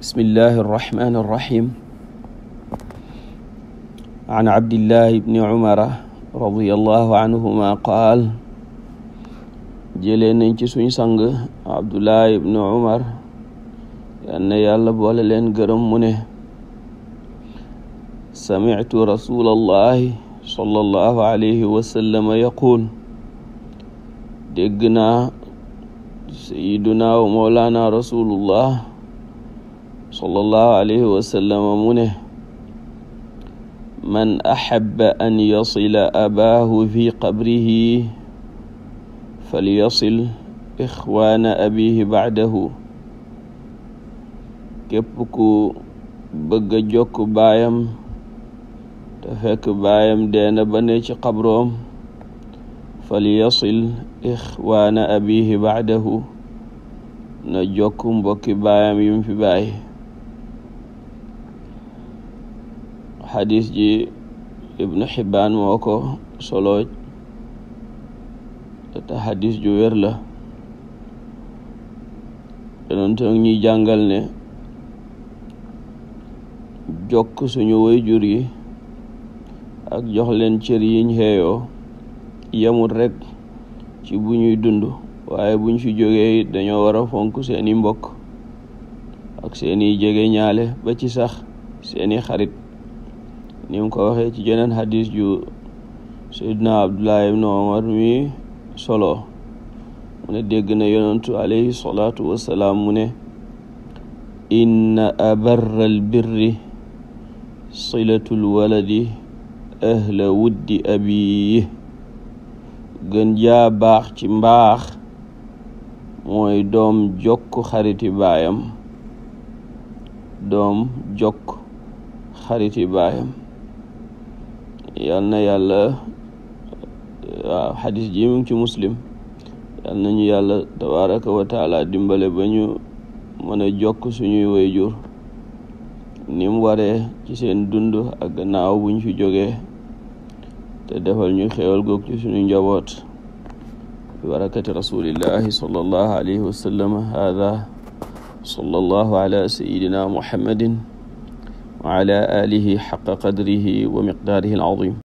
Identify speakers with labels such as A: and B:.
A: bismillahi arrahmani irrahim an abdillahi bni umara radiallahu anhuma qaal jëlee nañ ci suñ sang abdullahi ibnu umar yal na yàlla boole leen gërëm mu ne samictu rasulallahi sallallahu alayhi wasallama yaquul dégg naa sayiduna wa moolaana rasulullah sallallahu alayhi wa sallama mu ne man axabba an yasila abaahu fi qabrihi falyasil ixwaana abihi bacdahu képp ku bëgg a jokk baayam te fekk baayam deena ba ne ci xabroom falyasil ixwaana abihi bacdahu na jokk mbokki baayam yim fi baay xadis ji ibnu xibaan moo ko solooj te xadis ju wér la yonente ñuy jàngal ne jokk suñu woy jur yi ak jox leen cër yiñ xeeyoo yemul rek ci bu ñuy dund waaye buñ fi jógee it dañoo war a fonk seeni mbokk ak seeni jege ñaale ba ci sax seeni xarit ni ko waxee ci jeneen hadis ju saydna abdullah ibn omar mi solo mu ne dégg na yonentu alayhi salaatu wassalaam mu ne inna abarral birri silatul waladi ahla wuddi abiyi gën jaa baax ci mbaax mooy doom jokk xariti baayam doom jokk xariti baayam yal na yàlla waaw xadis ji mu ci muslim yal nañu yàlla tabaraka wa dimbale ba ñu mën a jokk suñuy wayjur ni mu waree ci seen dund ak gannaaw ñu fi jógee te defal ñu xéewal goog ci suñu njaboot bi barakati rasulillahi sallallahu alayhi wa sallam hada sallallahu ala sayidina muhammadin wa ala alihi xaqa qadrihi wa miqdaarihi al azim